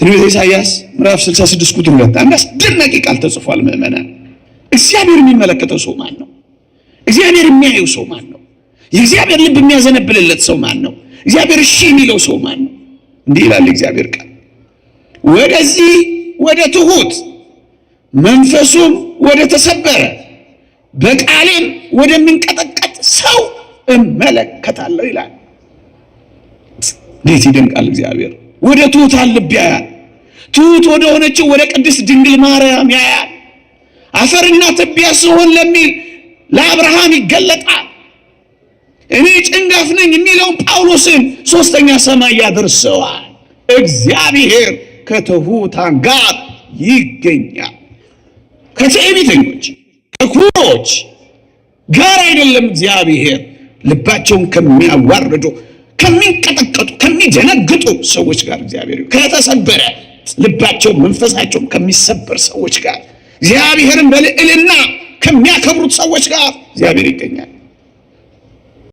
ትንቢተ ኢሳይያስ ምዕራፍ 66 ቁጥር 2 አንድ አስደናቂ ቃል ተጽፏል። ምእመናን እግዚአብሔር የሚመለከተው ሰው ማን ነው? እግዚአብሔር የሚያየው ሰው ማን ነው? የእግዚአብሔር ልብ የሚያዘነብልለት ሰው ማን ነው? እግዚአብሔር እሺ የሚለው ሰው ማን ነው? እንዲህ ይላል እግዚአብሔር ቃል ወደዚህ ወደ ትሁት መንፈሱም ወደ ተሰበረ በቃሌም ወደምንቀጠቀጥ ሰው እመለከታለሁ ይላል። እንዴት ይደንቃል እግዚአብሔር ወደ ትሑታን ልብ ያያል። ትሑት ወደ ሆነችው ወደ ቅድስት ድንግል ማርያም ያያል። አፈርና ትቢያ ስሆን ለሚል ለአብርሃም ይገለጣል። እኔ ጭንጋፍ ነኝ የሚለውን ጳውሎስን ሦስተኛ ሰማይ ያደርሰዋል። እግዚአብሔር ከትሑታን ጋር ይገኛል። ከትዕቢተኞች ከኩሮች ጋር አይደለም። እግዚአብሔር ልባቸውን ከሚያዋርዱ ከሚንቀጠቀጡ ከሚደነግጡ ሰዎች ጋር እግዚአብሔር ከተሰበረ ልባቸው መንፈሳቸውም ከሚሰበር ሰዎች ጋር እግዚአብሔርን በልዕልና ከሚያከብሩት ሰዎች ጋር እግዚአብሔር ይገኛል።